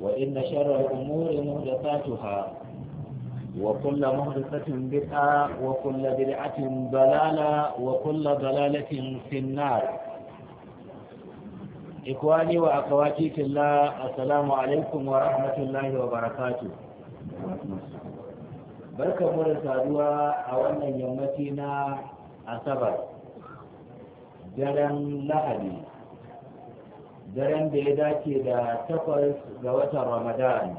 وإن شر الأمور مهدفاتها وكل مهدفة بدعة وكل بدعة ضلالة وكل ضلالة في النار إخواني وأخواتي في الله السلام عليكم ورحمة الله وبركاته barka mu da saduwa a wannan yammaci na asabar daren lahadi daren da ya dace da takwas ga watan ramadan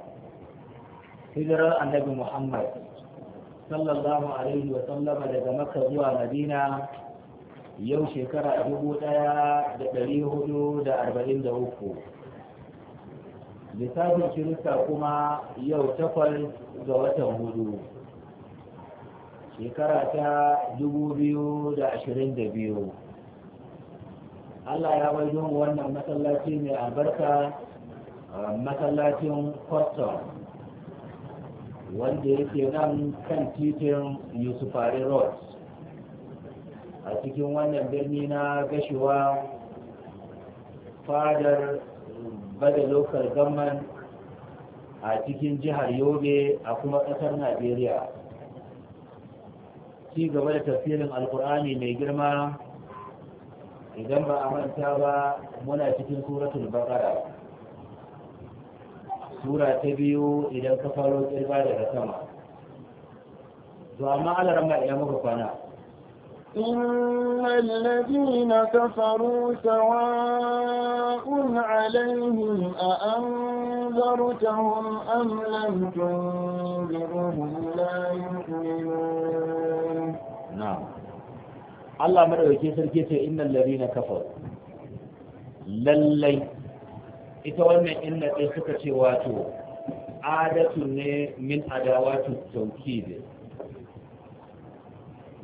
hijirar annabi muhammad sallallahu alaihi wa sallama daga makka zuwa madina yau shekara dubu ɗaya da ɗari hudu da lissafin kirista kuma yau takwas ga watan hudu shekara ta dubu da ashirin Allah ya wajo mu wannan masallaci mai albarka masallacin Kwastam wanda yake nan kan titin yusufari road a cikin wannan birni na gashiwa fadar bada local government a cikin jihar yobe a kuma ƙasar najeriya ci gaba da tafsirin alkur'ani mai girma idan ba a manta ba muna cikin suratul baqara sura ta biyu idan ka faro kirba daga sama to amma Allah ran ya muka kwana إن الذين كفروا سواء عليهم أأنذرتهم أم لم تنذرهم لا يؤمنون Allah madaukakin sarki ce innal ladina kafar lallai ita wannan inna ɗin suka ce wato adatu ne min adawatu tawkid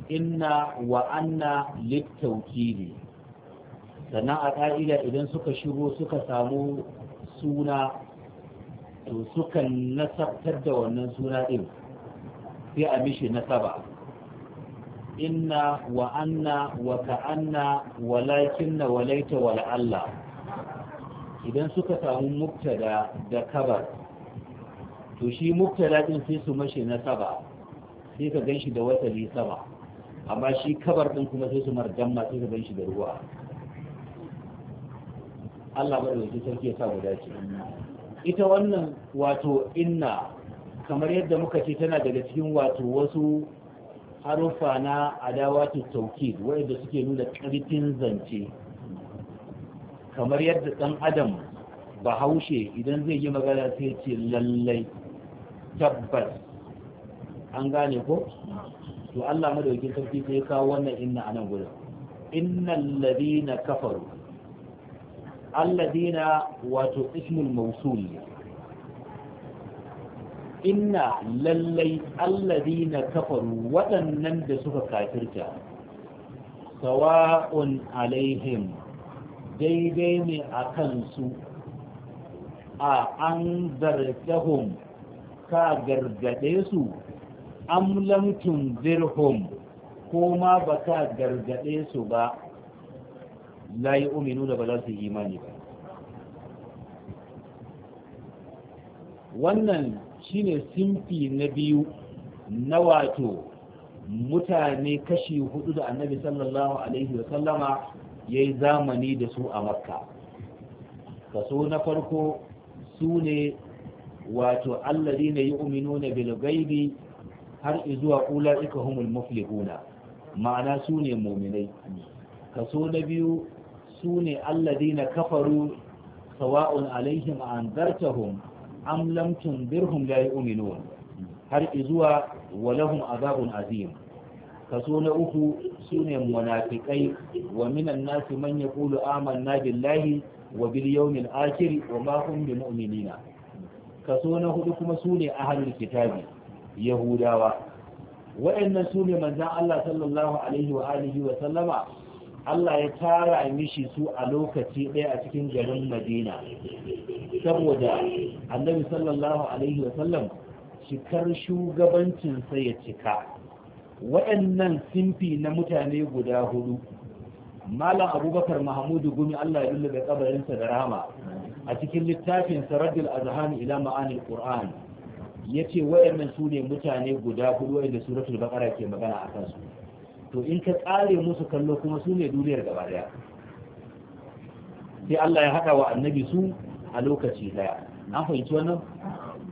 inna wa anna littawkid sannan a ka'ida idan suka shigo suka samu suna to sukan nasabtar da wannan suna ɗin sai a mishi nasaba inna wa anna wa ka'anna walakinna walaita wa la'alla idan suka samu muktada da kabar to shi muktada ɗin sai su mashi na saba sai ka ganshi da wasali sama amma shi kabar ɗin kuma sai su marjamma sai ka ganshi da ruwa Allah ba da sarki ya sa guda ce. ita wannan wato inna kamar yadda muka ce tana daga cikin wato wasu harufa na adawatu taukid wanda suke nuna karfin zance kamar yadda ɗan adam bahaushe idan zai yi magana sai ce lallai tabbas an gane ko to Allah madaukakin sarki sai kawo wannan inna anan gurin innal ladina kafaru alladina wato ismul mawsul ne inna lallai na kafaru waɗannan da suka kafirta sawa'un alaihim daidai ne a kansu a an zartahum ka gargade su Amlam Tun ko ma ba ka gargade su ba la yi uminu da ba za su imani ba wannan shine simfi na biyu na wato mutane kashi hudu da annabi sallallahu alaihi wasallama ya yi zamani da su a makka kaso na farko su ne wato allazi na yi na bilgaibi har izuwa ula ika humul muflihuna ma'ana su ne mominai kaso na biyu su ne allazi na kafaru sawa'un alaihim an zartahum am lam tunzirhum la yu'minun har izuwa walahum azabun azim kaso na uku sune munafikai wa minan nasi man yaqulu amanna billahi wa bil yawmil wa ma hum bi mu'minina kaso na hudu kuma sune ahlul kitabi yahudawa wa'annan sune manzon Allah sallallahu alaihi wa alihi wa sallama Allah ya tara mishi su a lokaci ɗaya a cikin garin Madina saboda annabi sallallahu alaihi wasallam cikar shugabancinsa ya cika waɗannan simfi na mutane guda hudu malam abubakar mahamudu gumi allah ya lullube kabarinsa da rama a cikin littafin saradil azhan ila ma'anil qur'an yace wayannan su ne mutane guda hudu wanda suratul baqara ke magana a kansu to in ka tsare musu kallo kuma su ne duniyar gaba daya sai Allah ya haɗa wa annabi su a lokaci daya na fahimci wannan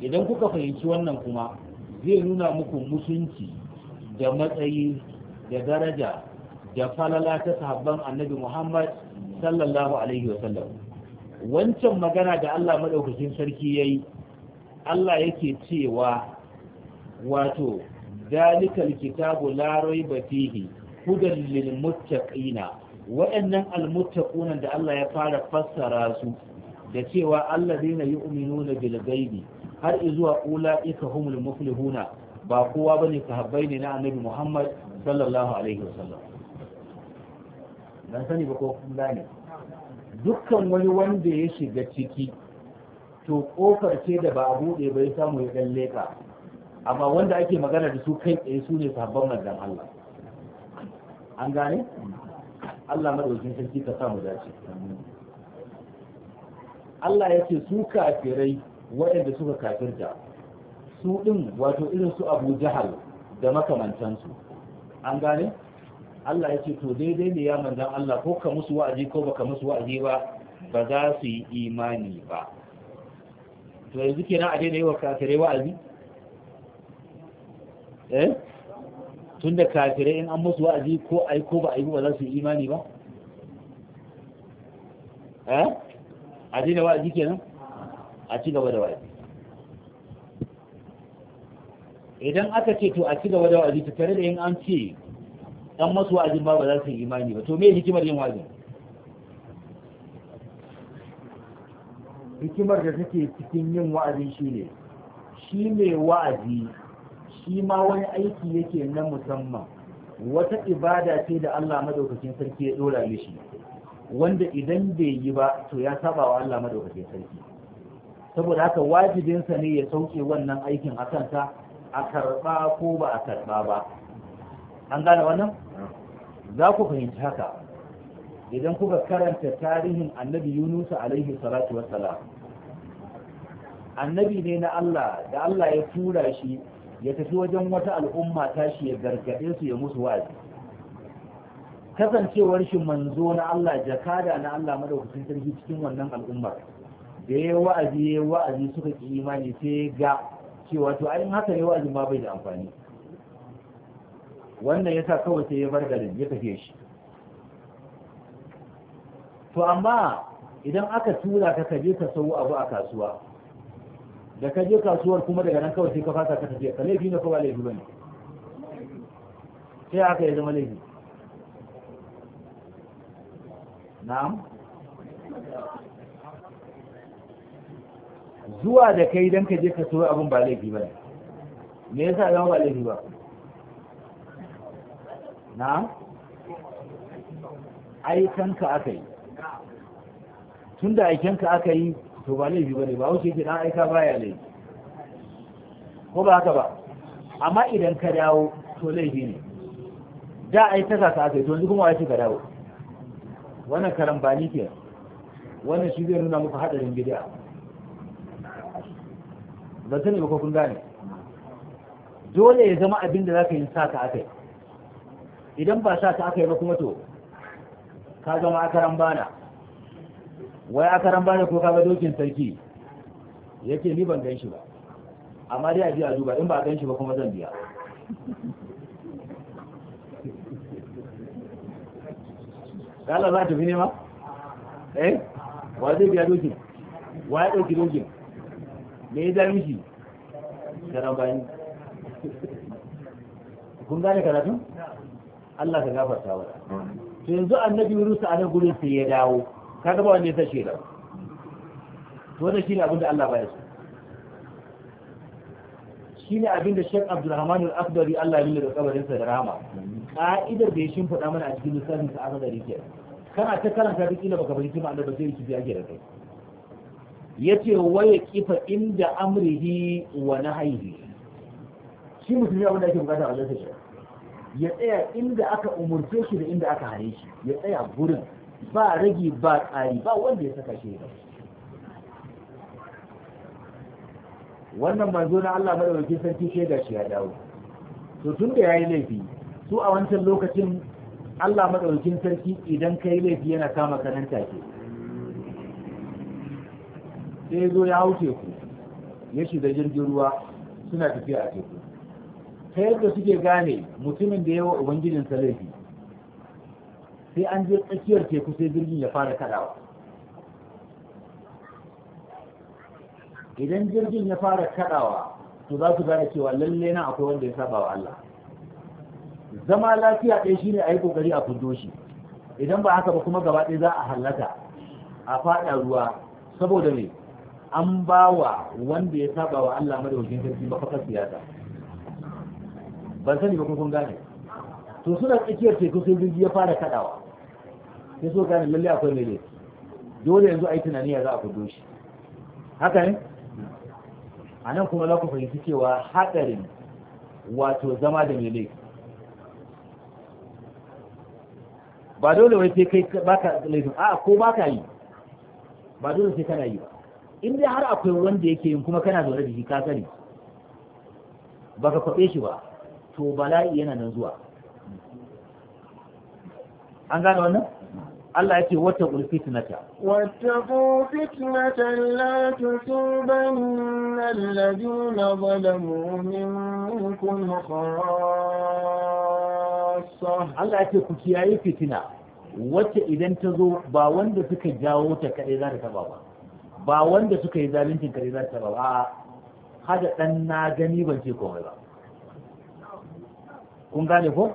idan kuka fahimci wannan kuma zai nuna muku musunci da matsayi da daraja da falala ta sahabban annabi muhammad sallallahu alaihi wasallam wancan magana da allah maɗaukakin sarki yayi yi allah yake cewa wato dalikal kitabu la batihi fihi hudan lil muttaqina wa'annan al da Allah ya fara fassara su da cewa Allah yi yu'minuna na ghaibi har ula ita humul muflihuna ba kowa bane sahabbai ne na annabi Muhammad sallallahu alaihi wasallam dan sani ba ko kun gane dukkan wani wanda ya shiga ciki to kofar ce da ba a bude bai samu ya dan leka amma wanda ake magana da su kai tsaye su ne sahabban manzon Allah an gane Allah madaukakin sarki ka samu dace Allah ya ce su kafirai waɗanda suka kafirta su ɗin wato irin su abu jahal da makamantansu an gane Allah ya ce to daidai ne ya manzan Allah ko ka musu wa'azi ko baka musu wa'azi ba ba za su yi imani ba to yanzu kenan a daidai wa kafirai wa'azi eh tun da kafirai in an musu wa'azi ko ai ko ba ai ba za su yi imani ba eh a daina wa'azi kenan a ci gaba da wa'azi idan aka ce to a ci gaba da wa'azi ta tare da yin an ce dan masu wa'azin ba ba za su yi imani ba to me hikimar yin wa'azin hikimar da take cikin yin wa'azi shi ne shi mai wa'azi shi ma wani aiki yake na musamman wata ibada ce da Allah madaukakin sarki ya dora mishi wanda idan bai yi ba to ya saba wa Allah madaukakin sarki saboda haka wajibinsa ne ya sauke wannan aikin a kanta a karɓa ko ba a karɓa ba an gane wannan za ku fahimci haka idan kuka karanta tarihin annabi yunus alaihi salatu wassalam annabi ne na Allah da Allah ya tura shi ya tafi wajen wata al'umma tashi ya gargaɗe su ya musu wa'azi kasancewar shi manzo na Allah jakada na Allah madaukakin sarki cikin wannan al'ummar da ya wa'azi ya wa'azi suka ki imani sai ga cewa to ayin haka ne wa'azi ba bai da amfani wannan yasa kawai sai ya bar garin ya tafi shi to amma idan aka tura ka kaje ka sau abu a kasuwa da kaje kasuwar kuma daga nan kawai sai ka fasa ka tafi ka laifi ne ko laifi bane sai aka ya zama laifi na'am zuwa da kai don ka je ka soya abin ba laifi ba me yasa zama ba laifi ba Na'am, aikanka aka yi tun da aikanka aka yi to ba laifi ba ne ba wuce ke dan aika baya laifi ko ba haka ba amma idan ka dawo to laifi ne da aikaka ka aka yi to yanzu kuma wace ka dawo wannan karambani ke wannan shi zai nuna muku hadarin gida ba zai ba kun gane dole ya zama abin da zaka yi sa ka akai idan ba sa aka akai ba kuma to ka zama karan bana wai karan bana ko kaga dokin sarki yake ni ban gan shi ba amma dai a ji a duba in ba gan shi ba kuma zan biya gala za ta fi nema eh wa zai biya dokin wa ya dauki dokin me ya dar miki garan bayan kun gane karatun Allah ka gafarta wa to yanzu annabi Yunus a nan gudun sai ya dawo Kada ba wanda ya sace da to da shi ne abinda Allah baya su. shi ne abinda shek Abdulrahman Al-Akhdari Allah ya lura da kabarinsa da rahama ka'idar da ya shimfiɗa mana a cikin lissafin sa aka gari ke kana ta karanta duk kila baka fahimci ma'anar ba sai rikici ake da kai yace waya kifa inda amrihi wa nahyihi shi mutum abin da yake bukata a lissafin ya tsaya inda aka umurce shi da inda aka hare shi ya tsaya gurin ba ragi ba tsari, ba wanda ya saka shi wannan manzo na Allah madaukakin sarki shaida shi ya dawo to tun da yayi laifi su a wancan lokacin Allah maɗaukin sarki idan kai laifi yana kama kanan nan take sai zo ya hau teku ya shiga jirgin ruwa suna tafiya a teku ta yadda suke gane mutumin da yawa ubangijin laifi sai an je tsakiyar teku sai jirgin ya fara kadawa idan jirgin ya fara kadawa to za su gane cewa lalle na akwai wanda ya saba wa Allah zama lafiya ɗaya shi ne a yi ƙoƙari a kundo shi idan ba haka ba kuma gaba ɗaya za a hallaka a faɗa ruwa saboda me an ba wa wanda ya saba wa Allah madaukakin sarki mafakar siyasa ban sani ba kun gane to suna tsakiyar teku sai jirgi ya fara kaɗawa sai so gane lalle akwai mai laifi dole yanzu a yi tunani ya za a kudo shi haka ne a nan kuma za ku fahimci cewa haɗarin wato zama da mai laifi ba dole wai sai kai baka laifin a ko baka yi ba dole sai kana yi ba in dai har akwai wanda yake yin kuma kana zaune da shi ka sani ka kwaɓe shi ba to bala'i yana nan zuwa an gane wannan Allah ya ce wata ulfitnata. Wata ulfitnata la tusuban na zalamu kuma khara Allah ya ce ku kiyaye fitina wacce idan ta zo ba wanda suka jawo ta kaɗai za ta taba ba ba wanda suka yi zaluncin kaɗai za ta taba ba hada ɗan na gani ban ce komai ba kun gane ko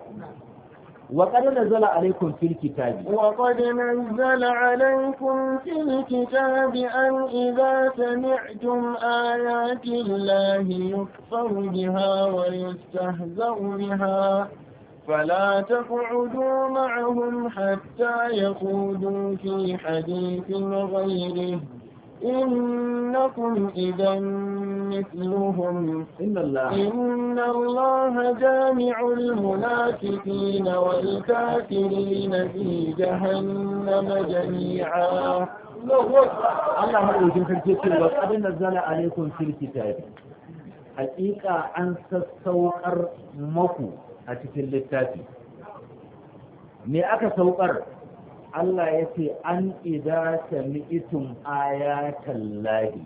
وقد نزل عليكم في الكتاب وقد نزل عليكم في الكتاب أن إذا سمعتم آيات الله يكفر بها ويستهزأ بها فلا تقعدوا معهم حتى يخوضوا في حديث غيره إنكم إذا مثلهم إن الله, إن الله جامع المنافقين والكافرين في جهنم جميعا Allah maɗaukin sarki ce wa abin da zala alaikum fil kitabi hakika an sassaukar maku a cikin littafi me aka saukar Allah ya ce an idza sami'tum ayatan lahi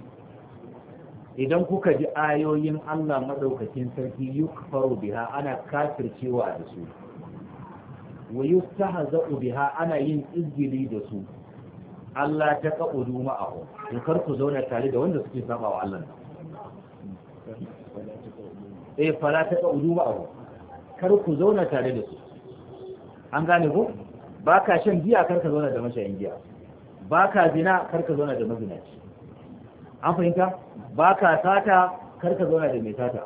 idan kuka ji ayoyin Allah madaukakin sarki yukfaru biha ana kafircewa da su wa yustahza'u biha ana yin izgili da su Allah ta kaqudu ma'ahu to kar ku zauna tare da wanda suke saba wa Allah eh fala ta kaqudu ma'ahu kar ku zauna tare da su an gane ku? ba ka shan giya kar ka zauna da mashayin giya ba ka zina kar ka zauna da mazinaci an fahimta ba ka sata kar ka zauna da mai sata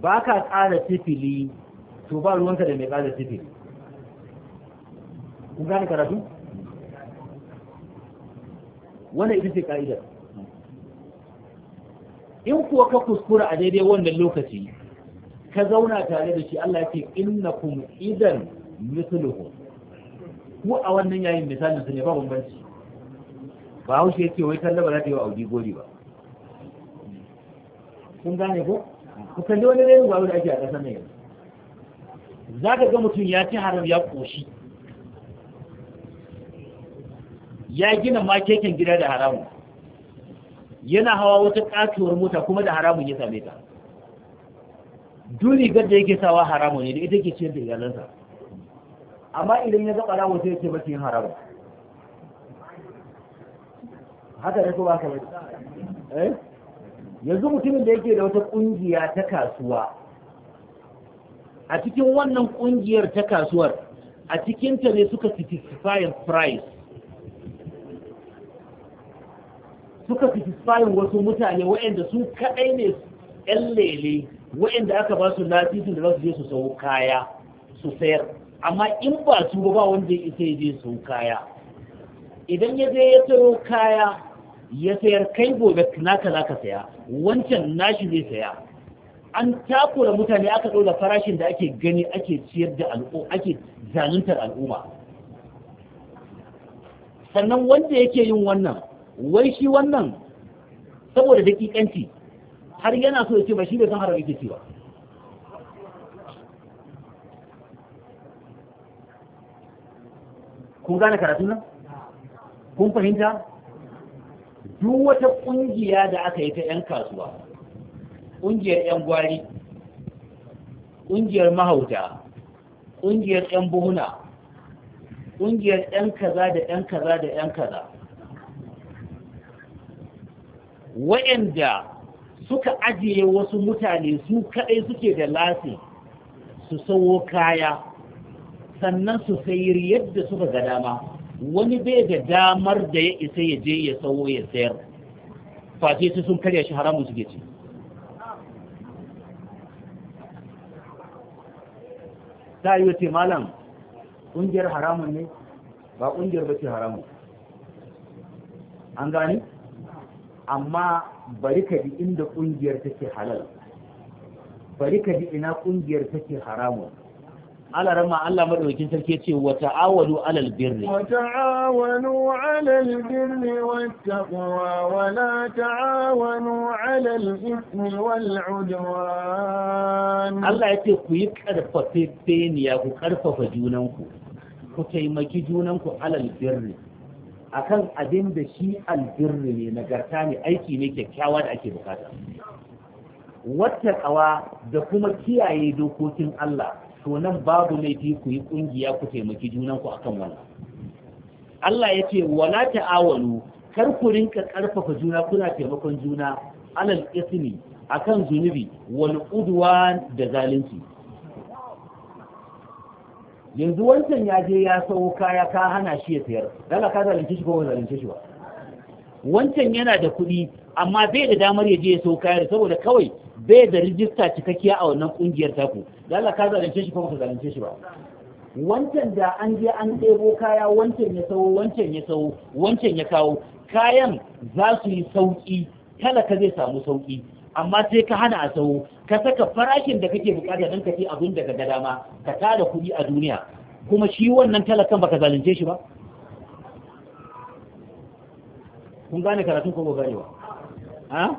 ba ka tsara sifili to ba ruwanka da mai tsara sifili kun gane karatu wannan ita ce ka'idar in kuwa ka kuskura a daidai wannan lokaci ka zauna tare da shi Allah yake innakum idan mithluhum ku a wannan yayin misalin su ne ba bambanci ba haushe yake wai talla ba za ta yi wa audi gori ba kun gane ko ku kalli wani rayu ba da ake a ƙasar nan za ka ga mutum ya ci haram ya ƙoshi ya gina ma keken gida da haramun yana hawa wata ƙatuwar mota kuma da haramun ya same ta duri gar da yake sawa haramu ne da ita ke ciyar da iyalansa amma idan ya ga ramu sai yake mafi haramu haka da kowa kamar eh yanzu mutumin da yake da wata ƙungiya ta kasuwa a cikin wannan ƙungiyar ta kasuwar a cikinta ne suka satisfying price suka satisfying wasu mutane waɗanda su kaɗai ne ƴan lele Waɗanda aka ba su latifin da za su je su sau kaya su sayar amma in ba su ba wanda ya isa je su kaya idan ya je ya sayo kaya ya sayar kai gobe naka za ka saya wancan nashi zai saya an takura mutane aka ɗaura farashin da ake gani ake ciyar da al'umma ake zaluntar al'umma sannan wanda yake yin wannan wai shi wannan saboda dakikanci har yana so ya ce ba shi bai san haram yake ci ba kun gane karatun nan kun fahimta duk wata kungiya da aka yi ta 'yan kasuwa kungiyar 'yan gwari kungiyar mahauta kungiyar 'yan buhuna kungiyar 'yan kaza da 'yan kaza da 'yan kaza wa'anda suka ajiye wasu mutane su kaɗai suke da lafi su sauwo kaya sannan su sayar yadda suka ga dama wani bai da damar da ya isa ya je ya sauwo ya sayar face su sun karya shi haramun suke ci ta yi wace malam ƙungiyar haramun ne ba ƙungiyar ba ce haramun an gani amma bari ka bi inda kungiyar take halal bari ka bi ina kungiyar take haramun ala rama Allah madaukakin sarki yace wa ta'awalu alal birri wa ta'awalu alal birri wattaqwa wa la ta'awalu alal ithmi wal udwan Allah yace ku yi karfafe ne ya ku karfafa junanku ku taimaki junanku alal birri akan abin da shi albirri ne nagarta ne aiki ne kyakkyawa da ake bukata wata kawa da kuma kiyaye dokokin Allah to nan babu laifi ku yi kungiya ku taimaki junan ku akan wannan Allah ya ce wala ta'awalu kar ku rinka karfafa juna kuna taimakon juna alal ismi akan zunubi wal udwan da zalunci yanzu wancan ya je ya sayo kaya ka hana shi ya sayar dala ka zalunce shi ko ba zalunce shi ba wancan yana da kuɗi amma bai da damar ya je ya sawo kaya saboda kawai bai da rijista cikakkiya a wannan kungiyar taku dala ka zalunce shi ko ba zalunce shi ba wancan da an je an ɗebo kaya wancan ya sayo wancan ya sau wancan ya kawo kayan za su yi sauƙi talaka zai samu sauƙi amma sai ka hana a sau ka saka farashin da kake bukata don ka ce abin daga ga dama ka tada kuɗi a duniya kuma shi wannan talakan baka zalunce shi ba kun gane karatun ko ganewa ha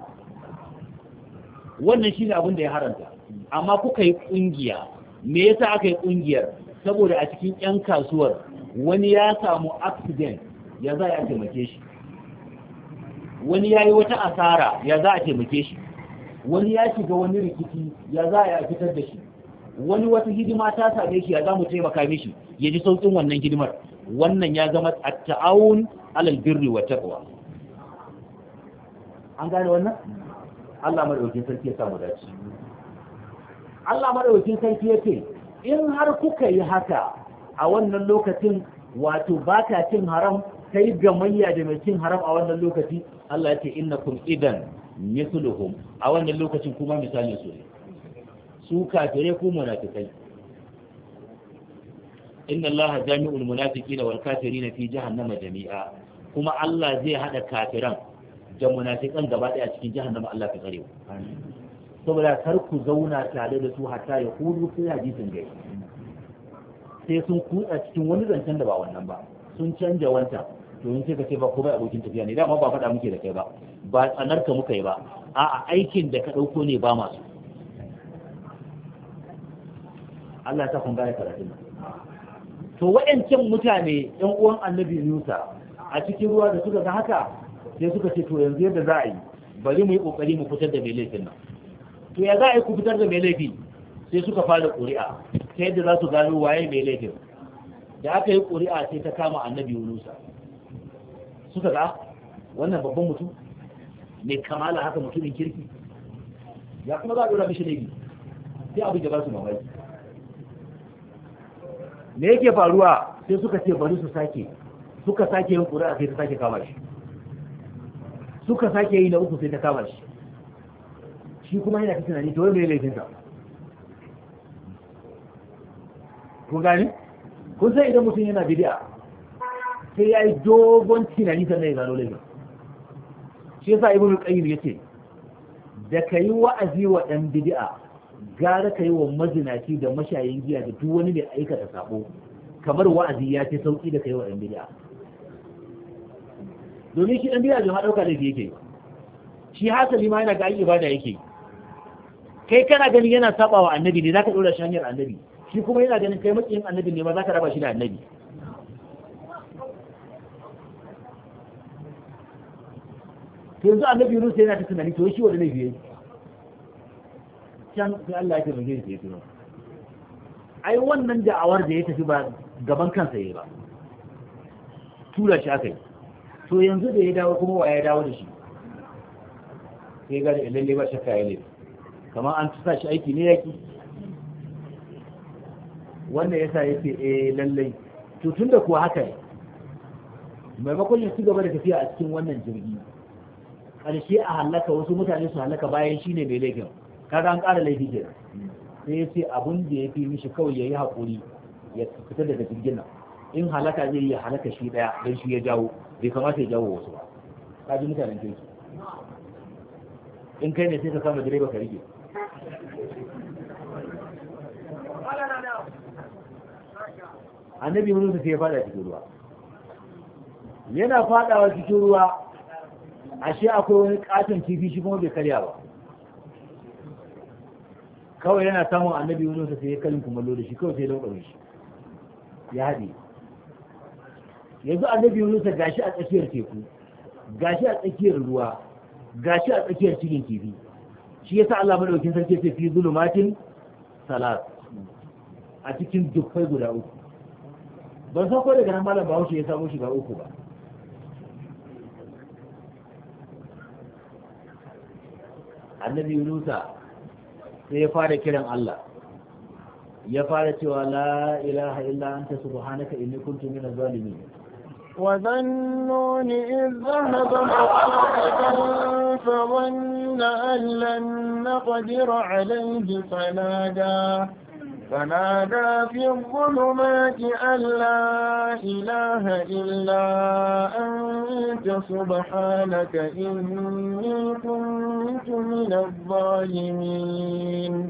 wannan shi ne abin da ya haranta amma kuka yi kungiya me yasa aka yi kungiyar saboda a cikin yan kasuwar wani ya samu accident ya za a taimake shi wani ya yi wata asara ya za a taimake shi wani ya shiga wani rikici ya za a fitar da shi wani wata hidima ta same shi ya za mu taimaka mishi ya ji sauƙin wannan hidimar wannan ya zama a taawun alal birri wa taqwa an gane wannan Allah madaukakin sarki ya samu dace Allah madaukakin sarki ya ce in har kuka yi haka a wannan lokacin wato baka cin haram kai gamayya da mai cin haram a wannan lokaci Allah ya ce innakum idan mithluhum a wannan lokacin kuma misali su ne su kafire ko munafikai inna allaha jami'ul munafiqina wal kafirina fi jahannama jami'a kuma Allah zai hada kafiran da munafikan gaba daya cikin jahannama Allah ka tsare saboda kar ku zauna tare da su hatta ya hudu sai sun gai sai sun a cikin wani zancen da ba wannan ba sun canja wanta to in sai ka ce ba ko bai abokin tafiya ne dama ba faɗa muke da kai ba ba tsanarka muka yi ba a'a aikin da ka ɗauko ne ba masu Allah ta kunga ya karatun to wa'ancan mutane ɗan uwan annabi Musa a cikin ruwa da suka ga haka sai suka ce to yanzu yadda za a yi bari mu yi kokari mu fitar da mai laifin nan to ya za a yi ku fitar da mai laifi sai suka fara ƙuri'a ta yadda za su gano waye mai laifin da aka yi ƙuri'a sai ta kama annabi Musa suka ga ah, wannan babban mutum mai kamala haka mutumin kirki ya kuma za a dora mishi sai abin da ba su mamaki me yake faruwa sai suka ce bari su sake suka sake yin kura sai ta sake kama shi suka sake yi na uku sai ta kama shi shi kuma yana ta tunani to wai mai laifinsa kun gani kun sai idan mutum yana bidiya sai ya yi dogon tunani sannan ya gano laifin shi yasa ibn qayyim yace da kayi wa'azi wa dan bid'a gara kai wa mazinaci da mashayin giya da duk wani mai aikata sabo kamar wa'azi ya ce sauki da kai wa dan bid'a domin shi dan bid'a bai ma dauka yake shi hasali ma yana ga ibada yake kai kana ganin yana sabawa wa annabi ne zaka dora shi hanyar annabi shi kuma yana ganin kai makiyin annabi ne ba zaka raba shi da annabi yanzu annabi Yunus yana ta tunani to shi wanda ne biye can sai Allah ya rage shi ya ai wannan da'awar da ya tafi ba gaban kansa yayi ba tura shi aka yi to yanzu da ya dawo kuma wa ya dawo da shi sai ga lalle ba shakka ya ne kamar an tusa shi aiki ne yaki wannan yasa yake eh lalle to tunda kuwa haka ne maimakon ya ci gaba da tafiya a cikin wannan jirgi ƙarshe a halaka wasu mutane su halaka bayan shi ne mai laifin kaga an ƙara laifi ke sai ya ce abin da ya fi mishi kawai ya yi haƙuri ya fita daga jirgin nan in halaka zai yi halaka shi ɗaya don shi ya jawo bai kamata ya jawo wasu ba ka ji mutanen kirki in kai ne sai ka kama direba ka rike annabi mun sai ya fada cikin ruwa yana fadawa cikin ruwa ashe akwai wani katon kifi shi kuma bai karya ba kawai yana samun annabi wani wata sai ya kalin kumallo da shi kawai sai don shi ya haɗe yanzu annabi wani wata gashi a tsakiyar teku gashi a tsakiyar ruwa gashi a tsakiyar cikin kifi shi ya sa Allah madaukakin sarki sai fi zulumatin salat a cikin dukkan guda uku ban san ko daga nan malam Bahaushe ya samu shiga uku ba annabi yunusa sai ya fara kiran Allah ya fara cewa la ilaha illa anta subhanaka inni kuntu minaz zalimin وظنوني إذ ذهب مخاطبا فظن أن لن نقدر عليه فنادى فنادى في الظلمات أن لا إله إلا أنت سبحانك إني كنت من الظالمين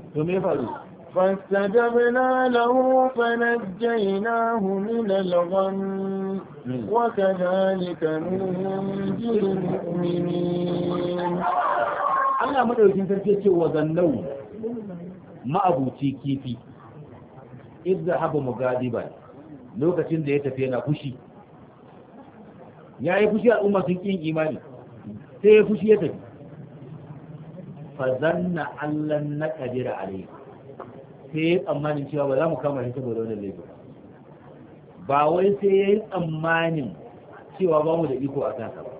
فاستجبنا له فنجيناه من الغم وكذلك ننجي المؤمنين Allah madaukin sarki ce wa zannau ma'abuci kifi idda haba mugadiba lokacin da ya tafi yana fushi ya yi fushi al'umma sun kin imani sai ya fushi ya tafi fa zanna allan na kadira alai sai ya tsammanin cewa ba za mu kama shi saboda wannan laifin ba wai sai ya yi tsammanin cewa ba mu da iko a kansa ba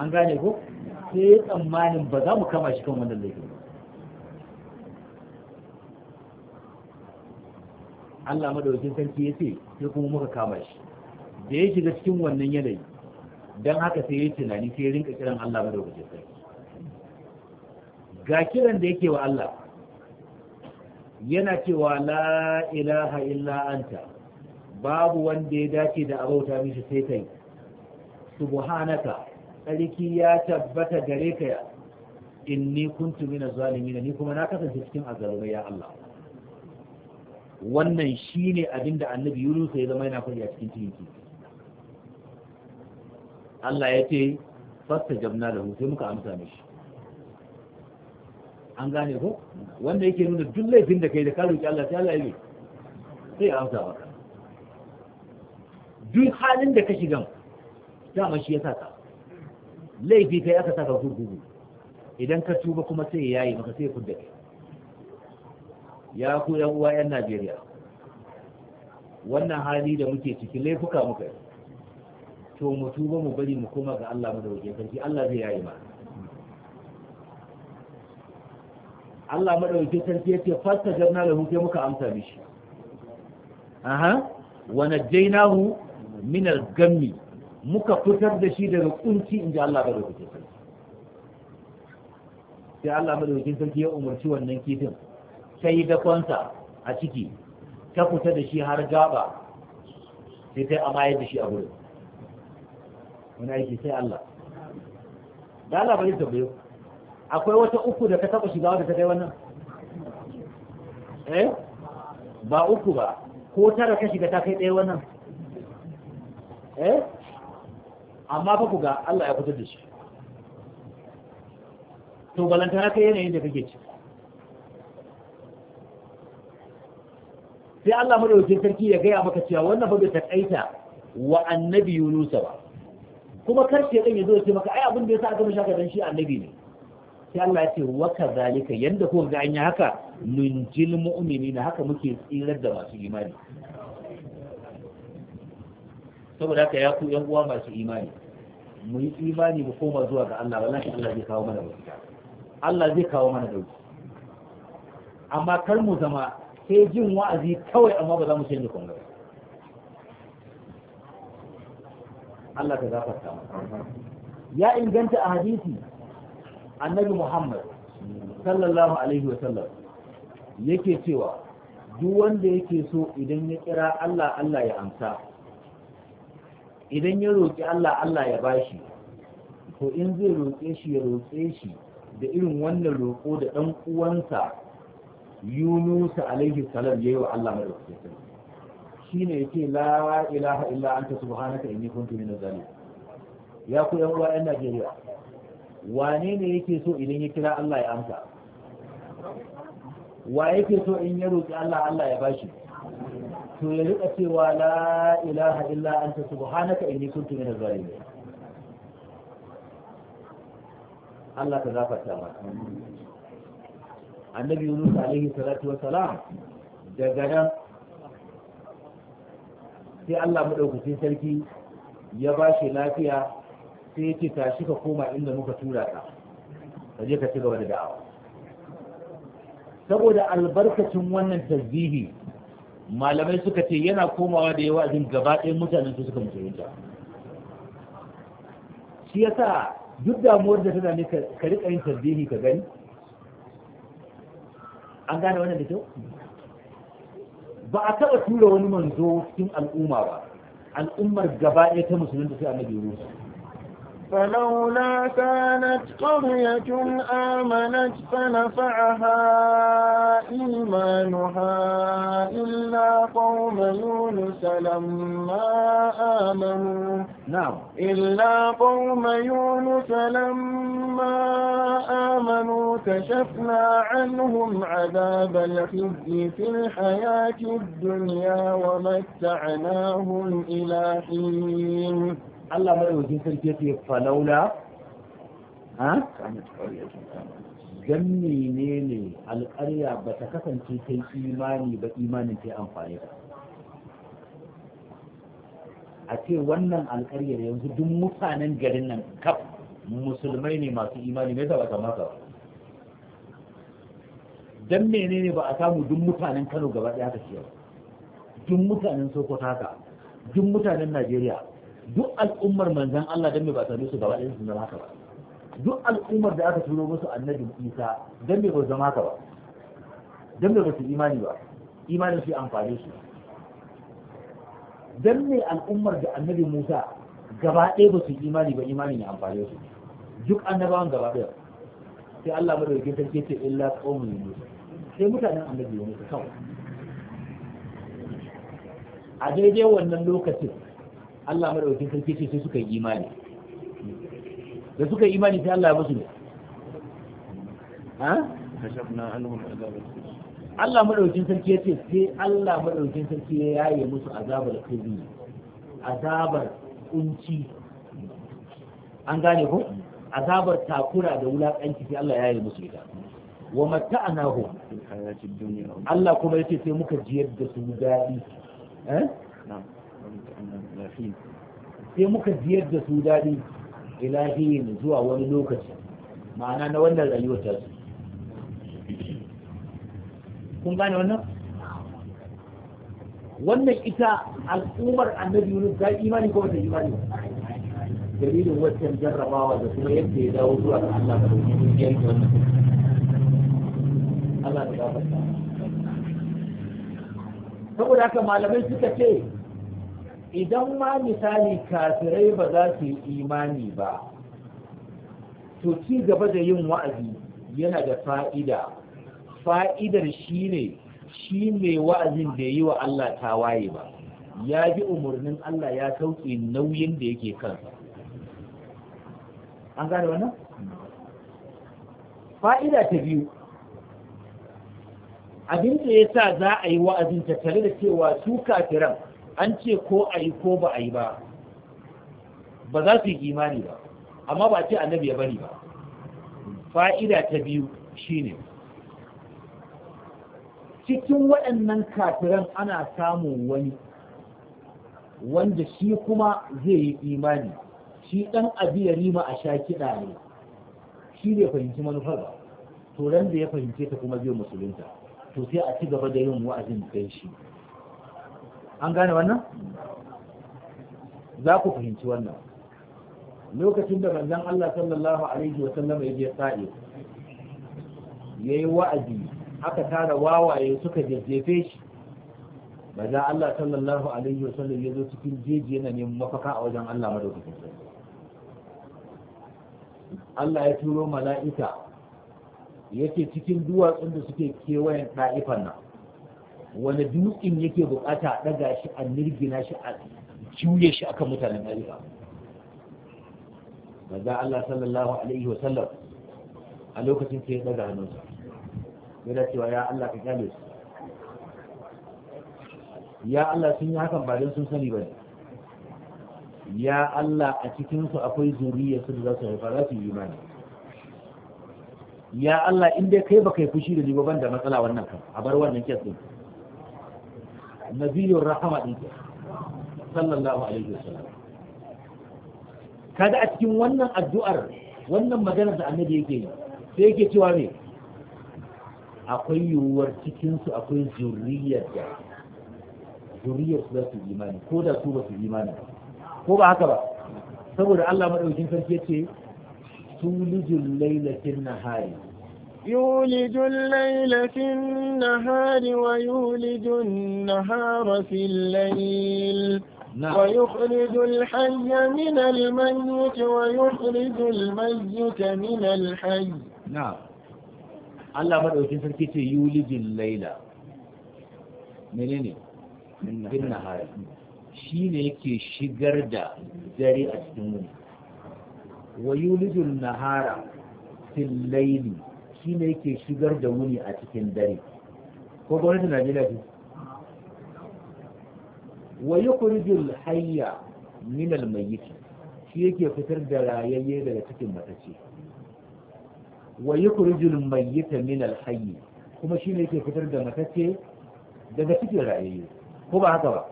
an gane ko sai ya tsammanin ba za mu kama shi kan wannan laifin ba Allah madaukakin sarki ya ce sai kuma muka kama shi da ya shiga cikin wannan yanayi don haka sai ya yi tunani sai ya rinka kiran Allah madaukakin sarki ga kiran da yake wa Allah yana cewa la ilaha illa anta babu wanda ya dace da abauta mishi sai kai subhanaka tsarki ya tabbata gare ka inni kuntu min zalimin ni kuma na kasance cikin azzalumai ya Allah wannan ne abin da annabi Yunus ya zama yana faɗi a cikin tinki Allah ya ce fasta jabna da sai muka amsa mishi an gane ko wanda yake nuna duk laifin da kai da ka Allah sai Allah ya yi sai amsa maka duk halin da ka shiga dama shi ya saka laifi kai aka saka gurgugu idan ka tuba kuma sai ya yi maka sai ya fudda kai ya ku yan uwa yan Najeriya wannan hali da muke ciki laifuka muka yi to mu tuba mu bari mu koma ga Allah mu da waje sarki Allah zai yayi ma. Allah madaukakin sarki yace fasta jarna lahu sai muka amsa mishi aha wa najaynahu min al-gammi muka fitar da shi daga kunci inda Allah madaukakin sarki sai Allah madaukakin sarki ya umarci wannan kifin sai dakonsa a ciki ta fita da shi har gaba sai ta amayar da shi a gudu. wani aiki sai Allah da labarin bari tambayo akwai wata uku da ka taba shiga wadda ta kai wannan eh ba uku ba ko tara ka shiga ta kai ɗaya wannan eh amma fa ku ga Allah ya fitar da shi to balantana kai yanayin da kake ciki sai Allah madaukakin sarki ya gaya maka cewa wannan fa bai takaita wa annabi Yunus ba kuma kar shi dan ya zo ce maka ai abin da yasa aka mishi haka dan shi annabi ne sai Allah ya ce wa kadhalika yanda ko ga an yi haka nunjil mu'minin haka muke tsirar da masu imani saboda haka ya ku yan uwa masu imani mu yi imani mu koma zuwa ga Allah wallahi Allah zai kawo mana dauki Allah zai kawo mana dauki amma kar mu zama sai jin wa'azi kawai amma ba za mu canza kwanga ba Allah ka samu. ya inganta a hadisi annabi Muhammad sallallahu alaihi wa sallam yake cewa duk wanda yake so idan ya kira Allah Allah ya amsa idan ya roƙi Allah Allah ya bashi to in zai roƙe shi ya roƙe shi da irin wannan roƙo da ɗan uwansa يونس عليه salam yayi wa Allah madaukakin sarki shine yake la ilaha illa anta subhanaka inni kuntu minaz zalimin ya ku yan uwa Najeriya wane ne yake so idan ya kira Allah ya amsa wa yake so in ya roki Allah Allah ya bashi to ya rika cewa la ilaha illa anta subhanaka inni kuntu zalimin Allah ba annabi yunus alaihi salatu wa salam daga nan sai Allah maɗaukacin sarki ya ba shi lafiya sai ya ce tashi ka koma inda muka tura ka ka je ka ci gaba da da'awa saboda albarkacin wannan tasbihi malamai suka ce yana komawa da yawa din gaba ɗayan mutanen su suka musulunta shi yasa duk damuwar da tana ne ka rika yin tasbihi ka gani an gane wannan da kyau ba a taɓa tura wani manzo cikin al'umma ba al'ummar gaba ɗaya ta musulunta sai annabi yunus فلولا كانت قرية آمنت فنفعها إيمانها إلا قوم يونس لما آمنوا نعم إلا قوم يونس لما آمنوا كشفنا عنهم عذاب الخزي في الحياة الدنيا ومتعناهم إلى حين Allah madaukakin sarki ce falaula ha ne menene alƙarya ba ta kasance ta imani ba imanin ta amfani ba a ce wannan alƙaryar yanzu duk mutanen garin nan kaf musulmai ne masu imani mai zaba ta masa dan menene ba a samu duk mutanen Kano gaba ɗaya ta ciyar duk mutanen Sokoto haka duk mutanen Najeriya duk al'ummar manzan Allah dan me ba same su gaba ɗayan su zama haka ba duk al'ummar da aka turo musu annabi Isa dan me ba zama haka ba dan me ba su imani ba imanin su amfane su dan me al'ummar da annabi Musa gaba ɗaya ba su imani ba imanin ya amfane su duk annabawan gaba ɗaya sai Allah madaukakin sarki ce illa qaumul musa sai mutanen annabi Musa kawai a daidai wannan lokacin Allah madaukakin sarki ce sai suka yi imani da suka yi imani sai Allah ya musu ne Allah madaukakin sarki ce sai Allah madaukakin sarki ya yaye musu azabar kizi azabar kunci an gane ko azabar takura da wulakanci sai Allah ya yaye musu ita wa mata'anahu Allah kuma ya ce sai muka jiyar da su dadi eh na'am rahim sai muka ziyar da su daɗi ilahiyin zuwa wani lokaci ma'ana na wannan rayuwar ta su kun gane wannan wannan ita al'ummar annabi yunus ta imani ko ta imani dalilin wancan jarrabawa da kuma yadda ya dawo zuwa ga Allah da domin yanke wannan Allah da gafarta saboda haka malamai suka ce idan ma misali kafirai ba za su yi imani ba to ci gaba da yin wa'azi yana da fa'ida fa'idar shi ne shi mai wa'azin da yi wa Allah tawaye ba ya ji umarnin Allah ya sauke nauyin da yake kansa an gane wannan? fa'ida ta biyu abin da ya sa za a yi wa'azin tare da cewa su kafiran an ce ko a yi ko ba a yi ba ba za su yi imani ba amma ba ce annabi ya bari ba fa'ida ta biyu shine cikin waɗannan kafiran ana samun wani wanda shi kuma zai yi imani shi ɗan abi ya rima a sha kiɗa ne shi ne fahimci manufar ba to da ya fahimce ta kuma zai musulunta to sai a ci gaba da yin wa'azin kai shi an gane wannan za ku fahimci wannan lokacin da manzon Allah sallallahu alaihi wa sallam ya je sa'i yayi wa'azi aka tara wawaye suka jajjefe shi maza Allah sallallahu alaihi wa sallam ya zo cikin jeji yana neman mafaka a wajen Allah madaukakin Allah ya turo mala'ika yake cikin duwatsun da suke kewayen ɗa'ifan nan wani dutsen yake bukata a daga shi a nirgina shi a juye shi akan mutanen arewa maza Allah sallallahu alaihi wasallam a lokacin ke daga hannunsa yana cewa ya Allah ka gane su ya Allah sun yi hakan ba don sun sani ba ya Allah a cikinsu akwai zuriya su da za su haifa za su yi imani ya Allah in dai kai ba kai fushi da ni ba ban da matsala wannan kan a bar wannan kes din nabiyur rahama din sallallahu alaihi wasallam kada a cikin wannan addu'ar wannan maganar da annabi yake yi sai yake cewa ne akwai yiwuwar cikin su akwai zuriyar da zuriyar su za su imani ko da su ba su imani ko ba haka ba saboda Allah madaukakin sarki yace tulijul lailatin nahari يولج الليل في النهار ويولج النهار في الليل ويخرج الحي من الميت ويخرج الميت من الحي نعم Allah madaukin sarki ce yulijin laila menene bin nahar shi ne yake shigar da dare a cikin wuni wa yulijin nahara fil laili shi ne yake shigar da wuni a cikin dare ko gwamnatin najeriya ce wa yi yukhrijul hayya min al mayyit shi yake fitar da rayayye daga cikin matace wa yi yukhrijul mayyita min al hayy kuma shi ne yake fitar da matace daga cikin rayayye ko ba haka ba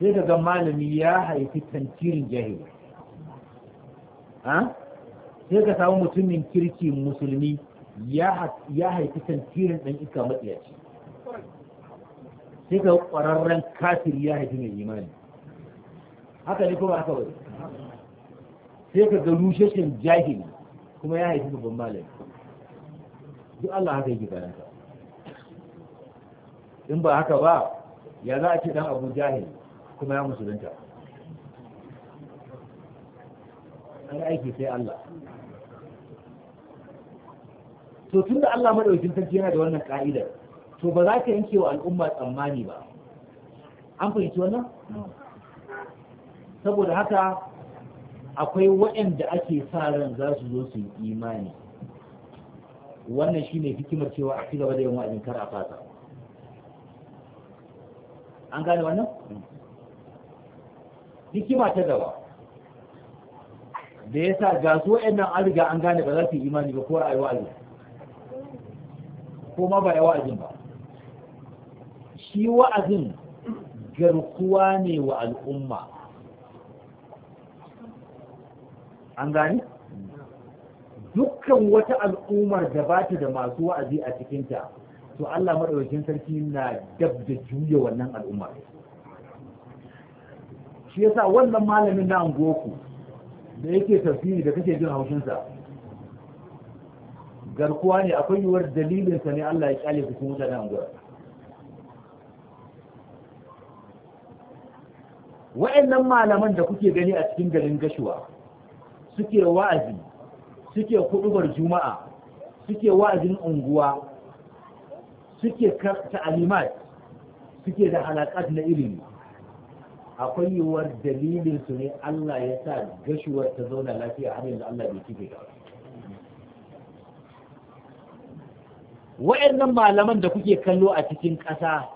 sai daga malami ya haifi tantirin jahili sai ka samu mutumin kirki musulmi ya haifi tantirin ɗan iska matsiyaci sai ka ƙwararren kafiri ya haifi mai imani haka ne kuma aka wani sai ka ga rusheshin jahili kuma ya haifi babban malami duk Allah haka yake garanta in ba haka ba ya za a ce dan abu jahil kuma ya musulunta an aiki sai Allah to tun da Allah madaukakin sarki yana da wannan ka'ida to ba za ka yanke wa al'umma tsammani ba an fahimci wannan saboda haka akwai waɗanda ake sa ran za su zo su yi imani wannan shi ne hikimar cewa a ci gaba da yin wa'azin kar a fasa an gane wannan hikima ta gaba da ya sa, ga su waɗannan an riga an gane ba za su yi imani ba ko ra'ayi wa'azin kuma ba ya wa'azin ba shi wa'azin garkuwa ne wa al'umma an gani dukkan wata al'ummar da ba ta da masu wa'azi a cikinta to Allah maɗaukakin sarki na dab da juya wannan al'ummar shi yasa wannan malamin na goku da yake tafsiri da kake jin haushinsa garkuwa ne akwai yiwuwar dalilinsa ne Allah ya kyale su kuma da nan wa'annan malaman da kuke gani a cikin garin gashuwa suke wa'azi suke kudubar juma'a suke wa'azin unguwa suke ta'alimat suke da halakat na ilimi akwai yiwuwar dalilin ne Allah ya sa gashuwar ta zauna lafiya har yanzu Allah bai kike wa'annan malaman da kuke kallo a cikin ƙasa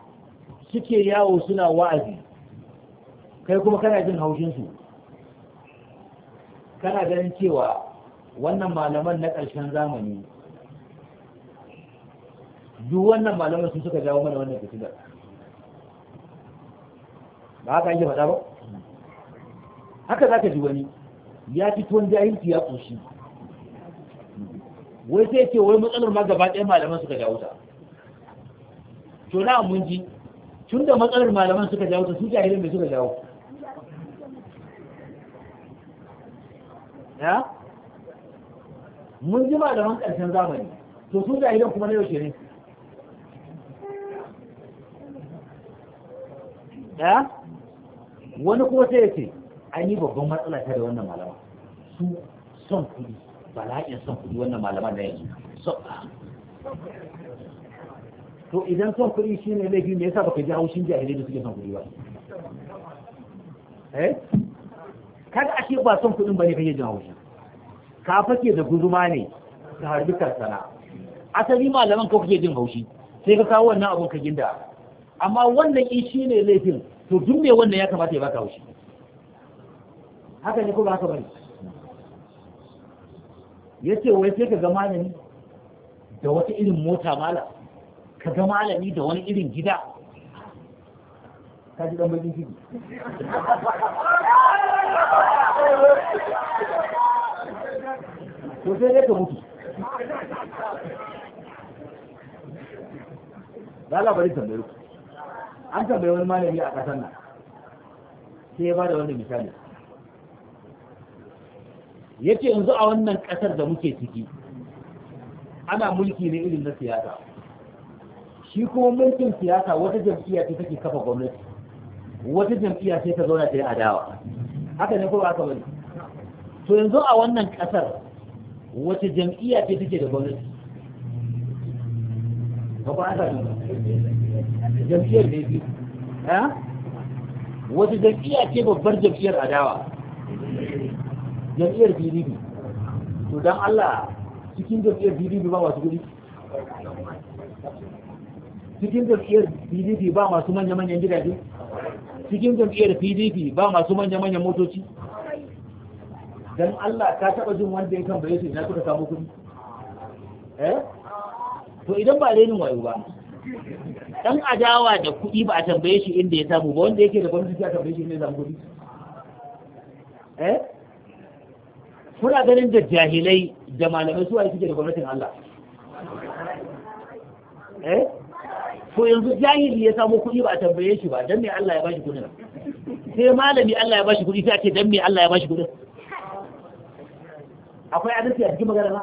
suke yawo suna wa'azi kai kuma kana jin haushinsu kana ganin cewa wannan malaman na ƙarshen zamani duk wannan malaman sun suka jawo mana wannan fitilar ba haka yake faɗa ba haka za ka ji wani ya fi tuwon jahilci ya ƙoshi wai sai ce wai matsalar ma gaba ɗaya malaman suka jawo ta to na mun ji tun da matsalar malaman suka jawo ta su jahilin mai suka jawo ya mun ji malaman ƙarshen zamani to su jahilan kuma na yaushe ne ya wani kuma sai ya ce an yi babban matsala ta da wannan malama su son kuɗi bala'in son kuɗi wannan malaman da so to idan son kuɗi shi ne laifi me yasa baka ji haushin jahilai da suke son kuɗi ba eh kada ake ba son kuɗin ba ne kake jin haushin ka fake da guzuma ne ka harbi karsana asali malaman ko kake jin haushi sai ka kawo wannan abun ka ginda amma wannan in shi ne laifin to duk me wannan ya kamata ya baka haushi haka ne ko ba haka bane ya ce wai sai ka ga malami da wata irin mota mala ka ga malami da wani irin gida ka ji dan bakin ciki to sai dai ka mutu da labarin bari ku an tambayi wani malami a ƙasar nan sai ya ba da wani misali yace yanzu a wannan kasar da muke ciki ana mulki ne irin na siyasa shi kuma mulkin siyasa wata jam'iyya ce take kafa gwamnati wata jam'iyya ce ta zauna ta yi adawa haka ne ko haka bane to yanzu a wannan kasar wata jam'iyya ce take da gwamnati ba ba ta jam'iyyar ne bi eh wata jam'iyya ce babbar jam'iyyar adawa jami'ar pdp to don allah cikin jami'ar pdp ba masu guri cikin jami'ar pdp ba masu manya-manyan gidaje cikin jami'ar pdp ba masu manya-manyan motoci don allah ka taɓa jin wanda ya tambaye su ina suka samu kuɗi eh to idan ba renin wayo ba dan adawa da kuɗi ba a tambaye shi inda ya samu ba wanda yake da gwamnati ya tambaye shi inda ya samu kuɗi eh kuna ganin da jahilai da malamai su suke da gwamnatin Allah eh ko yanzu jahili ya samu kuɗi ba a tambaye shi ba dan me Allah ya bashi kuɗin sai malami Allah ya bashi kuɗi sai a ce dan me Allah ya bashi kuɗin akwai adalci a cikin magana ba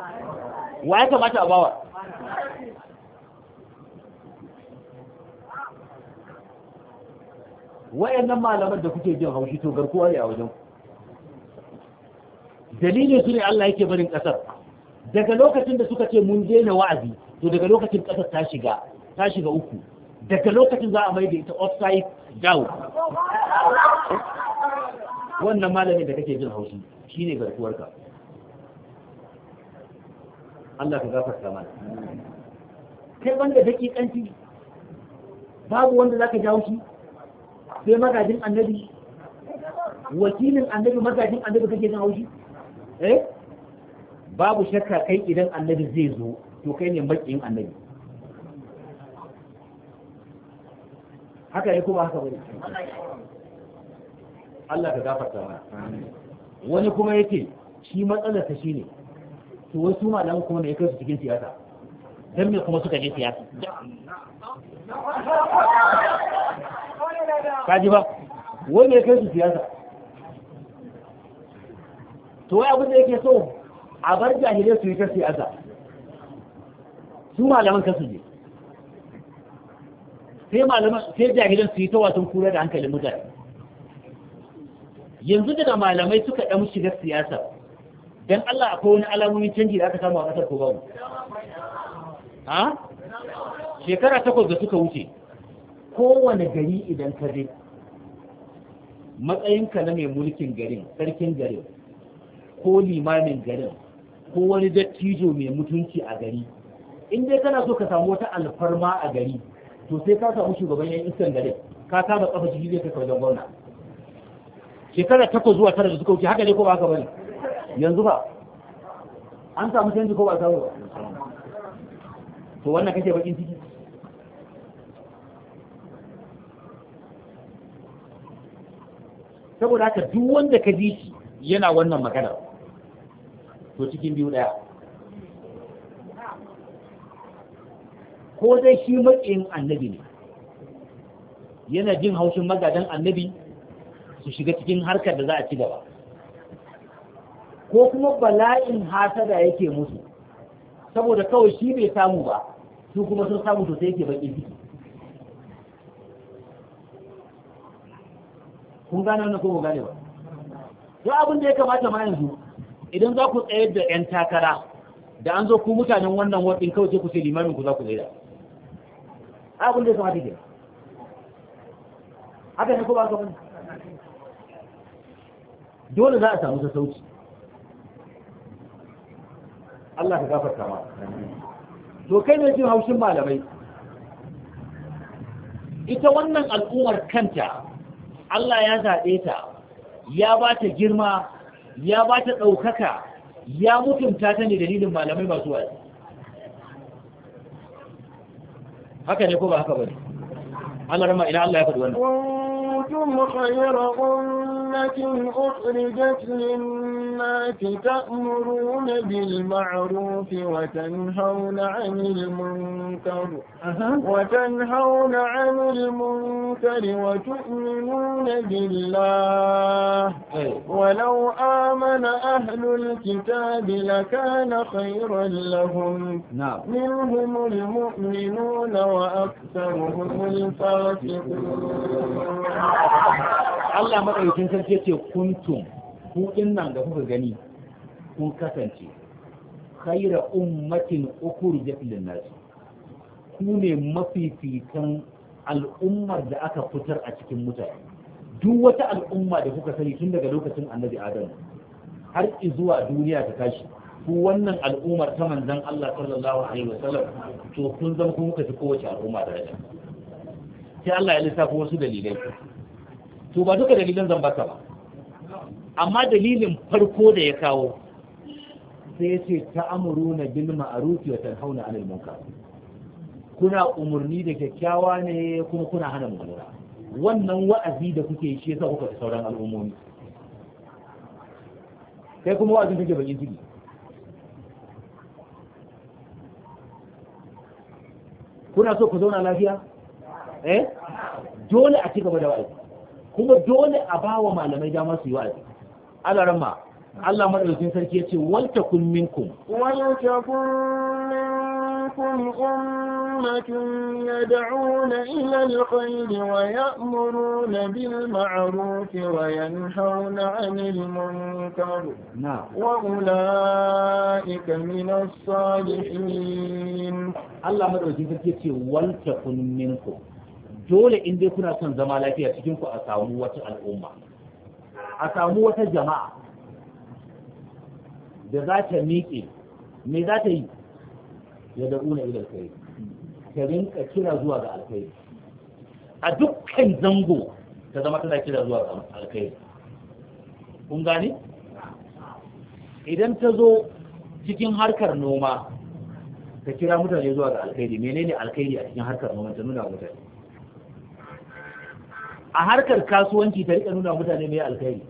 wa ya kamata a bawa wayannan malaman da kuke jin haushi to garkuwa ne a wajen ku dalilin su ne Allah yake barin kasar daga lokacin da suka ce mun daina wa'azi to daga lokacin kasar ta shiga ta shiga uku daga lokacin za a mai da ita offside down wannan malamin da kake jin haushi shine ka. Allah ka gafarta mana kai wanda dake kanti babu wanda zaka jawo shi sai magajin annabi wakilin annabi magajin annabi kake jin haushi eh babu shakka kai idan annabi zai zo to kai ne makiyin annabi haka ne kuma haka bane Allah ka gafarta mana wani kuma yake shi matsalar ta shine to wasu malamu kuma ne kai su cikin siyasa dan me kuma suka je siyasa kaji ba wani ya kai su siyasa to wai abin da yake so a bar jahilai su yi ta siyasa su malaman kasu ne sai malaman sai su yi ta wasan kura da hankalin mutane yanzu daga malamai suka ɗan shiga siyasa don Allah akwai wani alamomin canji da aka samu a ƙasar ko bawo. ha shekara takwas da suka wuce kowane gari idan ka je matsayinka na mai mulkin garin sarkin garin ko limamin garin ko wani dattijo mai mutunci a gari in dai kana so ka samu wata alfarma a gari to sai ka samu shugaban yan isan gari ka kama kafa shi zai kai wajen gwamna shekara takwas zuwa tara da suka wuce haka ne ko ba haka bane yanzu ba an samu canji ko ba a samu ba to wannan kake bakin ciki saboda haka duk wanda ka ji shi yana wannan magana to cikin biyu ɗaya ko dai shi matsayin annabi ne yana jin haushin magadan annabi su shiga cikin harkar da za a ci gaba ko kuma bala'in hasada yake musu saboda kawai shi bai samu ba su kuma sun samu to sai yake baƙin ciki kun gane wannan ko gane ba to abin da ya kamata ma yanzu idan za ku tsayar da 'yan takara da an zo ku mutanen wannan waɗin kawai sai ku sai limamin ku za ku tsayar da abin da ya sama take haka ne ko ba ka wani dole za a samu sassauci Allah ka gafarta ma to kai ne jin haushin malamai ita wannan al'ummar kanta Allah ya zaɓe ta ya ba ta girma ya ba ta ɗaukaka ya mutunta ta ne dalilin malamai masu wa'azi haka ne ko ba haka ba ne Allah rama ina Allah ya faɗi wannan أخرجت للناس تأمرون بالمعروف وتنهون عن المنكر وتنهون عن المنكر وتؤمنون بالله ولو آمن أهل الكتاب لكان خيرا لهم نعم. منهم المؤمنون وأكثرهم الفاسقون Allah maɗaukin ƙarshe ce kuntum ku nan da kuka gani kun kasance khaira ummatin ukhrijat lin nas ku ne mafifikan al'ummar da aka fitar a cikin mutane duk wata al'umma da kuka sani tun daga lokacin annabi adam har zuwa duniya ta tashi ku wannan al'ummar ta manzon Allah sallallahu alaihi wasallam to kun zama kuka ci kowace al'umma daraja sai Allah ya lissafa wasu dalilai to ba duka dalilin zan baka ba amma dalilin farko da ya kawo sai ya ce ta'amuruna bil ma'ruf wa tanhauna 'anil munkar kuna umurni da kyakkyawa ne kuma kuna hana mummuna wannan wa'azi da kuke yi shi yasa kuka ta sauran al'ummomi sai kuma wa'azin kuke bakin ciki kuna so ku zauna lafiya eh dole a ci gaba da wa'azi kuma dole a ba wa malamai dama su yi wa'azi ana rama Allah madaukakin sarki ya ce, wal takun minkum wal takun minkum ummatun yad'una ila al-khayr wa ya'muruna bil ma'ruf wa yanhauna 'anil munkar wa ulaika min as-salihin Allah madaukakin sarki yace wal takun minkum dole in dai kuna son zama lafiya cikin ku a samu wata al'umma a samu wata jama'a da za ta miƙe me za ta yi ya da una ilal kai ka rinka kira zuwa ga alkai a dukkan zango ta zama tana kira zuwa ga alkai kun gane idan ta zo cikin harkar noma ta kira mutane zuwa ga alkhairi menene alkhairi a cikin harkar noma ta nuna mutane a harkar kasuwanci ta rika nuna mutane mai alkhairi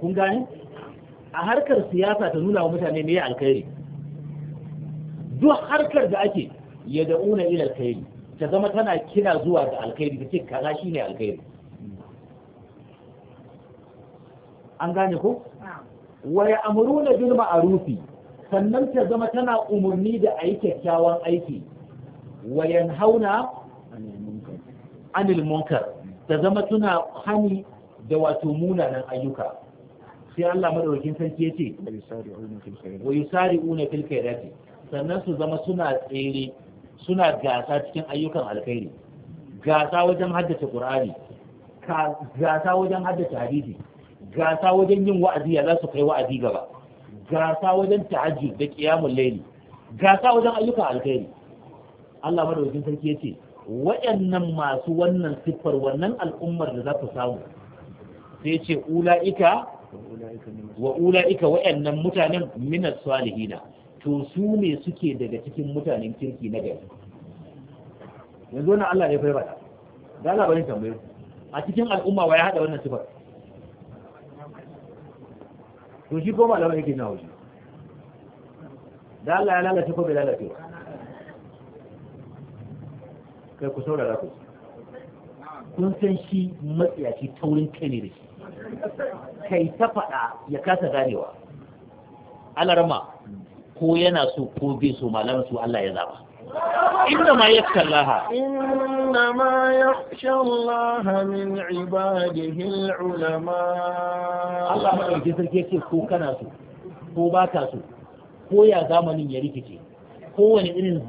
kun gane a harkar siyasa ta nuna wa mutane mai alkhairi duk harkar da ake ya una ila alkhairi ta zama tana kira zuwa ga alkhairi ta ce kaza shine alkhairi an gane ko wa ya'muruna bil ma'rufi sannan ta zama tana umurni da ayi kyakkyawan aiki wa yanhauna anil munkar ta zama tuna hani da wato munanan ayyuka sai Allah madaukakin sarki yace wa yusari'una fil khairati sannan su zama suna tsere suna gasa cikin ayyukan alkhairi gasa wajen haddace qur'ani gasa wajen haddace hadisi gasa wajen yin wa'azi ya za su kai wa'azi gaba gasa wajen tahajjud da qiyamul layli gasa wajen ayyukan alkhairi Allah madaukakin sarki yace waɗannan masu wannan siffar wannan al'ummar da za ku samu sai ce ula'ika wa ula'ika waɗannan mutanen minas salihina to su ne suke daga cikin mutanen kirki na gari yanzu wannan Allah ya faibata da Allah bane tambaye a cikin al'umma wa ya hada wannan siffar? to shi ko malama yake na wuce da Allah ya lalace ko bai lalace ba kai ku saurara ku kun san shi matsiyaci taurin kai ne da shi kai ta faɗa ya kasa ganewa alarma ko yana so ko bai so malamin su Allah ya zaba ma إنما Inda ma ya يخشى laha min عباده ulama Allah ma يجي sarki يكي ko kana so ko baka so ko ya zamanin ya rikice ko wani irin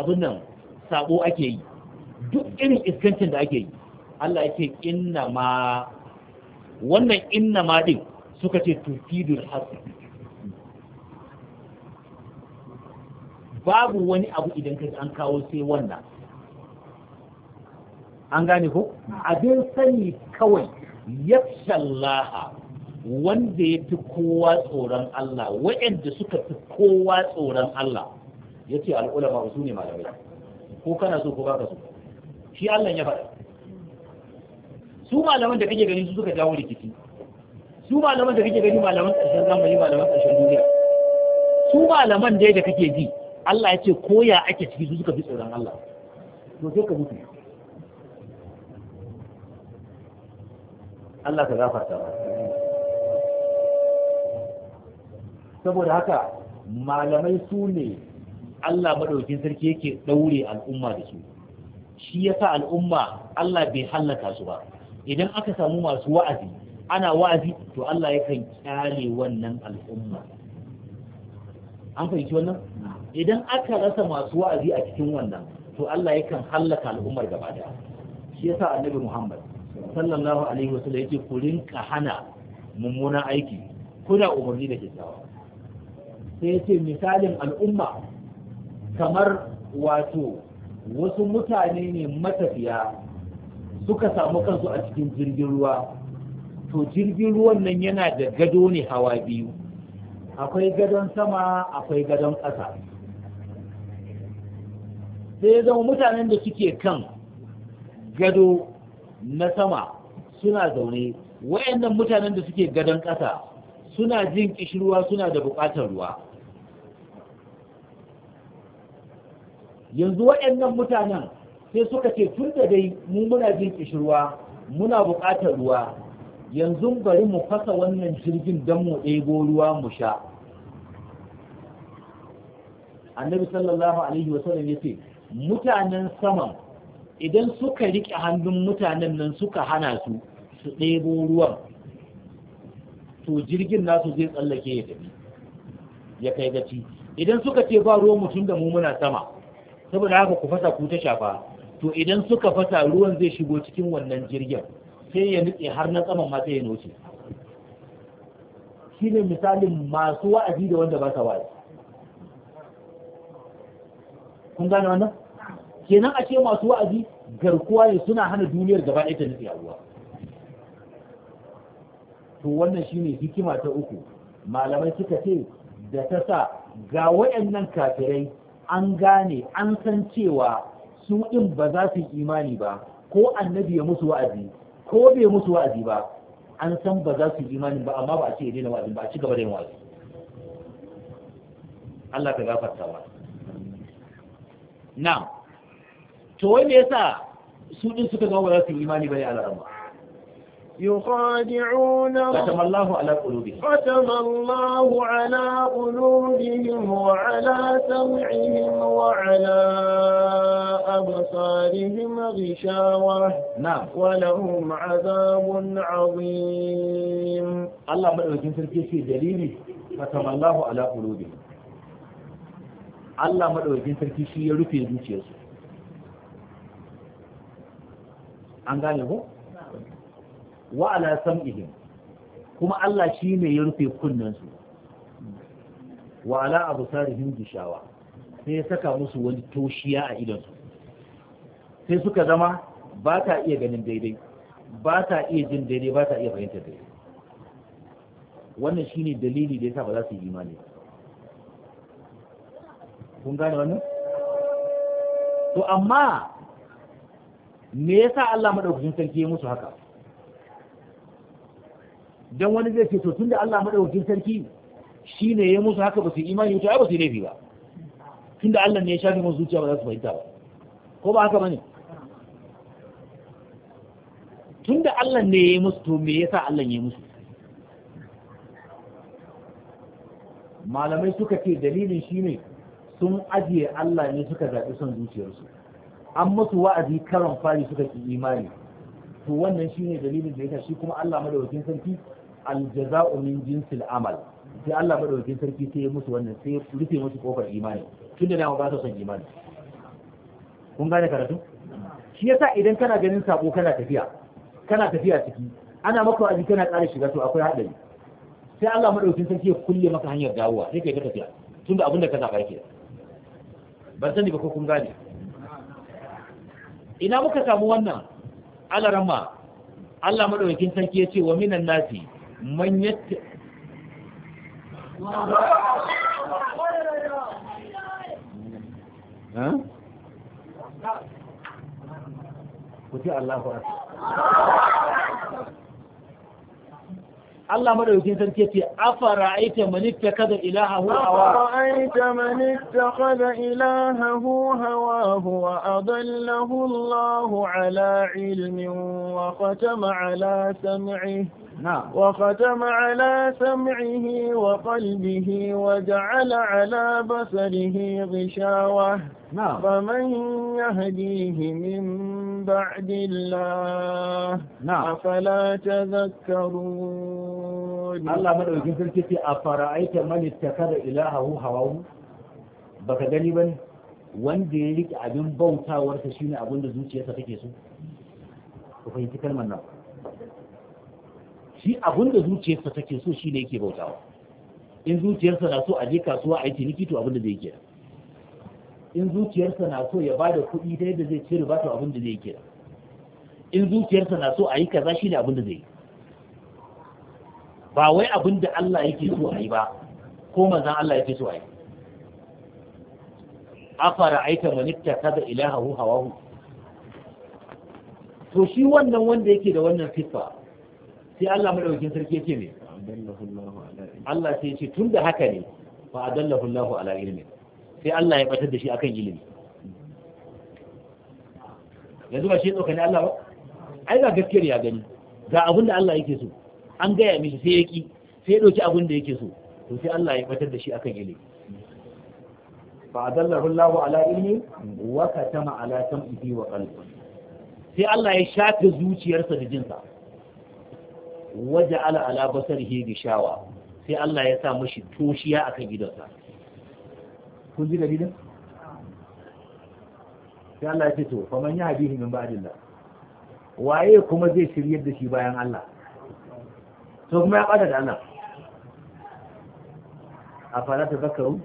abin nan sabo ake yi duk irin iskancin da ake yi Allah ya ce inna ma wannan inna ma din suka ce tufidul hasu babu wani abu idan kai an kawo sai wannan an gane ko abin sani kawai yakshallaha wanda ya fi kowa tsoron Allah waɗanda suka fi kowa tsoron Allah ya ce al'ulama su ne malamai ko kana so ko baka so shi Allah ya faɗa su malaman da kake gani su suka jawo rikici su malaman da kake gani malaman ƙarshen zamani malaman ƙarshen duniya su malaman dai da kake ji Allah ya ce koya ake ciki su suka fi tsoron Allah to sai ka mutu Allah ka gafarta ba saboda haka malamai su ne Allah madaukin sarki yake daure al'umma da su shi ya sa al'umma Allah bai hallaka su ba idan aka samu masu wa'azi ana wa'azi to Allah yakan kyale wannan al'umma an fahimci wannan idan aka rasa masu wa'azi a cikin wannan to Allah yakan hallaka al'ummar gaba daya shi ya yasa annabi Muhammad sallallahu alaihi wa sallam ya ce ku rinka hana mummunan aiki kuna umarni da kyakkyawa sai yace misalin al'umma kamar wato wasu mutane ne matafiya suka samu kansu a cikin jirgin ruwa to jirgin ruwan nan yana da gado ne hawa biyu akwai gadon sama akwai gadon ƙasa sai ya zama mutanen da suke kan gado na sama suna zaune wayannan mutanen da suke gadon ƙasa suna jin ƙishirwa suna da buƙatar ruwa yanzu waɗannan mutanen sai suka ce tun da dai mu muna jin kishirwa muna buƙatar ruwa yanzu bari mu fasa wannan jirgin don mu ɗebo ruwa mu sha annabi sallallahu alaihi wasallam ya ce mutanen saman idan suka riƙe hannun mutanen nan suka hana su su ɗebo ruwan to jirgin nasu zai tsallake ya ya kai gaci idan suka ce ba ruwan mutum da mu muna sama saboda haka ku fasa ku ta shafa to idan suka fasa ruwan zai shigo cikin wannan jirgin sai ya nutse har na tsaman ma sai ya noce shi ne misalin masu wa'azi da wanda ba sa wa'azi kun gane wannan kenan a ce masu wa'azi garkuwa ne suna hana duniyar gaba ɗaya ta nutse a ruwa to wannan shine hikima ta uku malamai suka ce da ta sa ga waɗannan kafirai an gane an san cewa su ɗin ba za su yi imani ba ko annabi ya musu wa'azi ko bai musu wa'azi ba an san ba za su yi imani ba amma ba a ce ya daina wa'azi ba a ci gaba da yin wa'azi Allah ka gafarta wa na to wai me yasa su ɗin suka ga ba za su yi imani ba ne a larama يخادعون ختم الله على قلوبهم ختم الله على قلوبهم وعلى سمعهم وعلى أبصارهم غشاوة نعم ولهم عذاب عظيم الله مدعوكين سركي في دليلي ختم الله على قلوبهم Allah maɗaukakin sarki shi ya rufe zuciyarsu. An gane ko? wa ala sam'ihim kuma Allah shi ne ya rufe kunnensu wa ala absarihim gishawa sai ya saka musu wani toshiya a su, sai suka zama ba ta iya ganin daidai ba ta iya jin daidai ba ta iya fahimtar daidai wannan shine dalili da yasa ba za su yi imani kun gane wannan to amma me yasa Allah madaukakin sarki ya musu haka Don wani zai ce to tunda Allah madaukakin sarki shine ya musu haka ba su imani to ba su laifi ba tunda Allah ne ya shafe musu zuciya ba za su fahimta ba ko ba haka ba tun tunda Allah ne ya yi musu to me yasa Allah ya yi musu malamai suka ce dalilin shine sun ajiye Allah ne suka zaɓi son zuciyarsu an musu wa'azi karon fari suka ki imani to wannan shine dalilin da ya shi kuma Allah madawakin sarki aljaza'u min jinsil amal sai Allah madaukakin sarki sai ya musu wannan sai ya rufe musu kofar imani tunda na ba su son imani kun gane karatu shi yasa idan kana ganin sabo kana tafiya kana tafiya ciki ana maka wa'azi kana ƙara shiga to akwai haɗari sai Allah madaukakin sarki ya kulle maka hanyar dawowa sai kai ta tafiya tunda abin da ka zaba yake ban sani ba ko kun gane ina muka samu wannan Alarama, Allah madaukakin sarki ya ce wa minan nasi مانيت الله الله مدوكي تركيتي أفرأيت من اتخذ إلهه هواه أفرأيت من اتخذ إلهه هواه وأضله الله على علم وختم على سمعه وختم على سمعه وقلبه وجعل على بصره غشاوة فمن يهديه من بعد الله أفلا تذكرون الله مدعو جنسل كتي أفرأيت من اتخذ إلهه هواه baka gani bane wanda ya rike abin bautawarsa shine abin da zuciyarsa take so ku fahimci kalmar nan shi abin da zuciyarsa take so shi ne yake bautawa in zuciyarsa na so a je kasuwa a yi ciniki to abin da zai kira in zuciyarsa na so ya bada kuɗi ta yadda zai cire ba to abin da zai kira in zuciyarsa na so a yi kaza shi ne abin da zai yi ba wai abin da Allah yake so a yi ba ko manzan Allah yake so a yi ta aita manitta kaza ilahahu hawahu to shi wannan wanda yake da wannan siffa sai Allah madaukakin sarki yake ne Allah sai ce tun da haka ne fa adallahu Allahu ala ilmi sai Allah ya batar da shi akan ilimi yanzu ba shi tsoka ne Allah ba ai ga gaskiyar ya gani ga abin da Allah yake so an gaya mishi sai ya ki sai ya dauki abin da yake so to sai Allah ya batar da shi akan ilimi fa adallahu Allahu ala ilmi wa katama ala sam'ihi wa qalbi sai Allah ya shafe zuciyarsa da jinsa waje ala ala basarihi shawa sai Allah ya sa mashi toshiya kan gidansa kun ji gidan? sai Allah ya ce to faman ya himin min ba'dillah waye kuma zai shiryar da shi bayan Allah to kuma ya bada da Allah a fara ta zakaru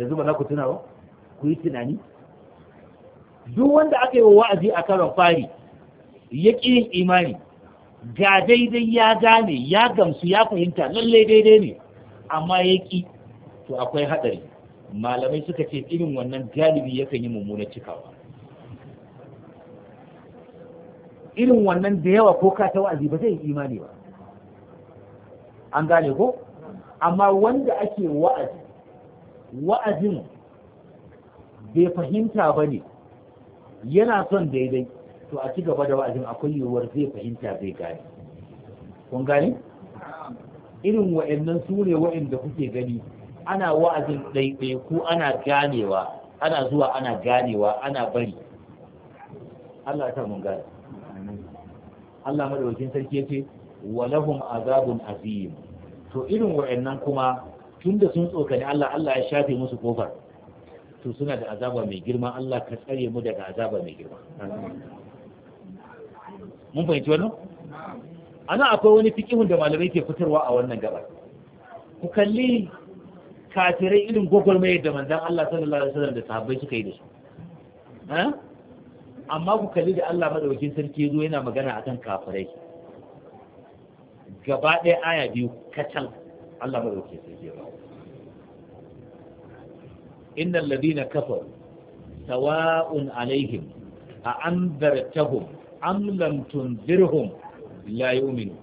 yanzu ba za ku tuna ba ku yi tunani duk wanda aka yi wa wa'azi a karon fari ya ƙi imani ga daidai ya gane ya gamsu ya fahimta lallai daidai ne amma ya ki to akwai haɗari malamai suka ce irin wannan galibi yakan yi mummunar cikawa irin wannan da yawa ko ka ta wa'azi ba zai imani ba an gane ko amma wanda ake wa'azi wa'azin bai fahimta ba ne yana son daidai to a ci gaba da wa'azin akwai yiwuwar zai fahimta zai gane kun gane irin wa'annan su ne wa'anda kuke gani ana wa'azin ɗaiɗai ko ana ganewa ana zuwa ana ganewa ana bari Allah ya mun gane Allah madaukakin sarki yace lahum azabun azim to irin wa'annan kuma tunda sun tsokani Allah Allah ya shafe musu kofar to suna da azaba mai girma Allah ka tsare mu daga azaba mai girma mun fahimci wannan ana akwai wani fikihun da malamai ke fitarwa a wannan gaba ku kalli kafirai irin gwagwarmayar da manzan Allah sallallahu alaihi wasallam da sahabbai suka yi da su eh? amma ku kalli da Allah madaukakin sarki yazo yana magana akan kafirai gaba ɗaya aya biyu kacal Allah madaukakin sarki ya innal ladina kafaru sawa'un alaihim a anzartahum am lam tunzirhum la yu'minu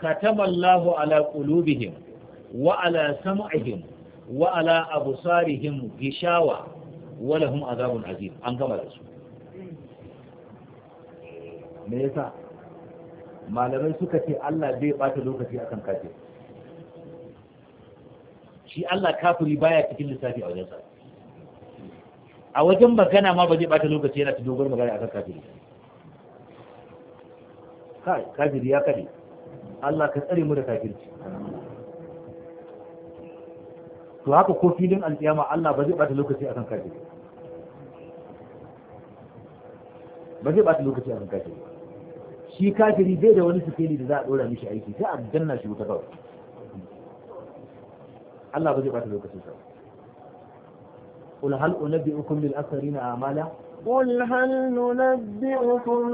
katama Allahu ala qulubihim wa ala sam'ihim wa ala absarihim gishawa wa lahum azabun azim an gama da su me yasa malamai suka ce Allah bai bata lokaci akan kafir shi Allah kafiri baya cikin lissafi a wajensa a wajen magana ma ba zai bata lokaci yana ta dogon magana akan kafiri kai kafiri ya kare Allah ka tsare mu da kafirci to haka ko filin alƙiyama Allah ba zai bata lokaci akan kafiri ba zai bata lokaci akan kafiri shi kafiri bai da wani sikeli da za a dora mishi aiki sai a danna shi wuta kawai Allah ba zai bata lokaci kawai قل هل أنبئكم بالأكثرين أعمالا قل هل ننبئكم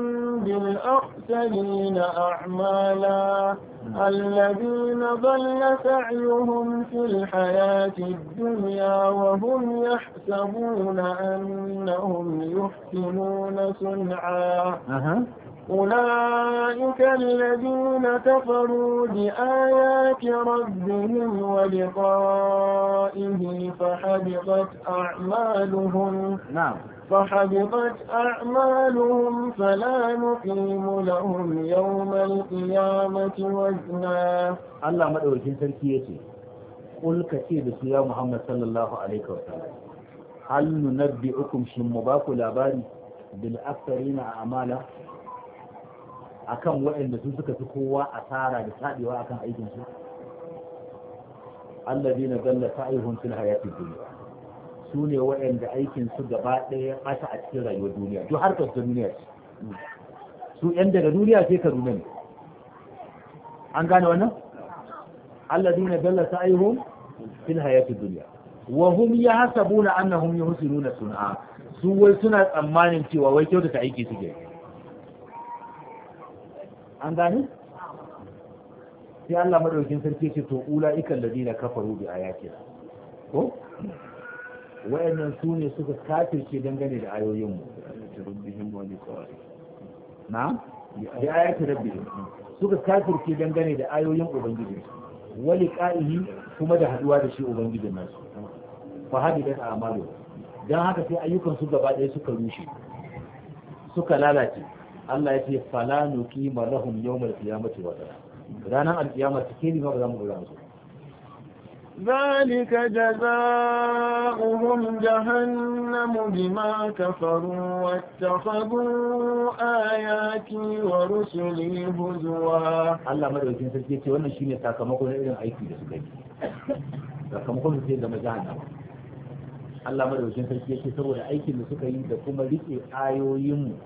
بالاكثرين أعمالا نعم. الذين ضل سعيهم في الحياة الدنيا وهم يحسبون أنهم يحسنون صنعا أولئك الذين كفروا بآيات ربهم ولقائه فحبطت أعمالهم نعم فحبطت أعمالهم فلا نقيم لهم يوم القيامة وزنا الله مدعو تركيتي قل كثير يا محمد صلى الله عليه وسلم هل ننبئكم شمباك لاباري بالأكثرين أعمالا akan waɗanda su suka fi kowa asara da taɗewa akan aikin su allazi na zalla sa'ihun fil hayatid dunya su ne waɗanda aikin su gaba ɗaya ɓata a cikin rayuwar duniya har harkar duniya su yan daga duniya sai ka ne an gane wannan allazi na zalla sa'ihun fil hayatid dunya wa hum yahsabuna annahum yuhsinuna sun'a su wai suna tsammanin cewa wai kyautata aiki suke an gane sai Allah madaukin sarki ce to ulaika alladina kafaru bi ayatina ko wayannan su ne suka kafirce dangane da ayoyin mu na bi ayati rabbi suka kafirce dangane da ayoyin ubangiji Wani liqa'ihi kuma da haduwa da shi ubangijin nasu fa da a'malu dan haka sai ayyukan su gaba ɗaya suka rushe suka lalace Allah ya ce fala nuqima lahum yawmal qiyamati wazna ranar alkiyama cikin ba za mu gura musu ذلك جزاؤهم جهنم بما كفروا واتخذوا آياتي ورسلي هزوا الله مدعو كنت سكيتي وانا شيني ساكمكم لئينا عيكي لسكي sakamakon su zai zama jahannama Allah madaukakin sarki yake saboda aikin da suka yi da kuma riƙe ayoyinmu.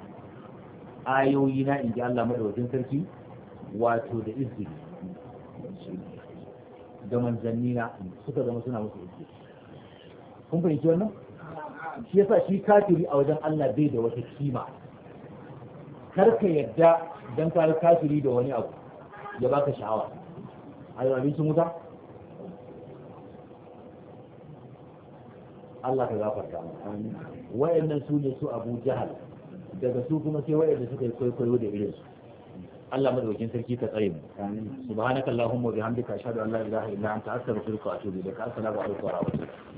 ayoyi na inji Allah madawacin sarki wato da izini da manzanni na suka zama suna musu izini kun fahimci wannan shi yasa shi kafiri a wajen Allah bai da wata kima kar ka yadda dan ka kafiri da wani abu ya baka sha'awa A ayo abincin wuta Allah ka gafarta mu wayannan su ne su Abu Jahal daga su kuma sai waɗanda suka yi kwaikwayo da irin su Allah madaukakin sarki ka tsare mu subhanakallahumma wa bihamdika ashhadu an la ilaha illa anta astaghfiruka wa atubu ilaik assalamu alaikum wa rahmatullahi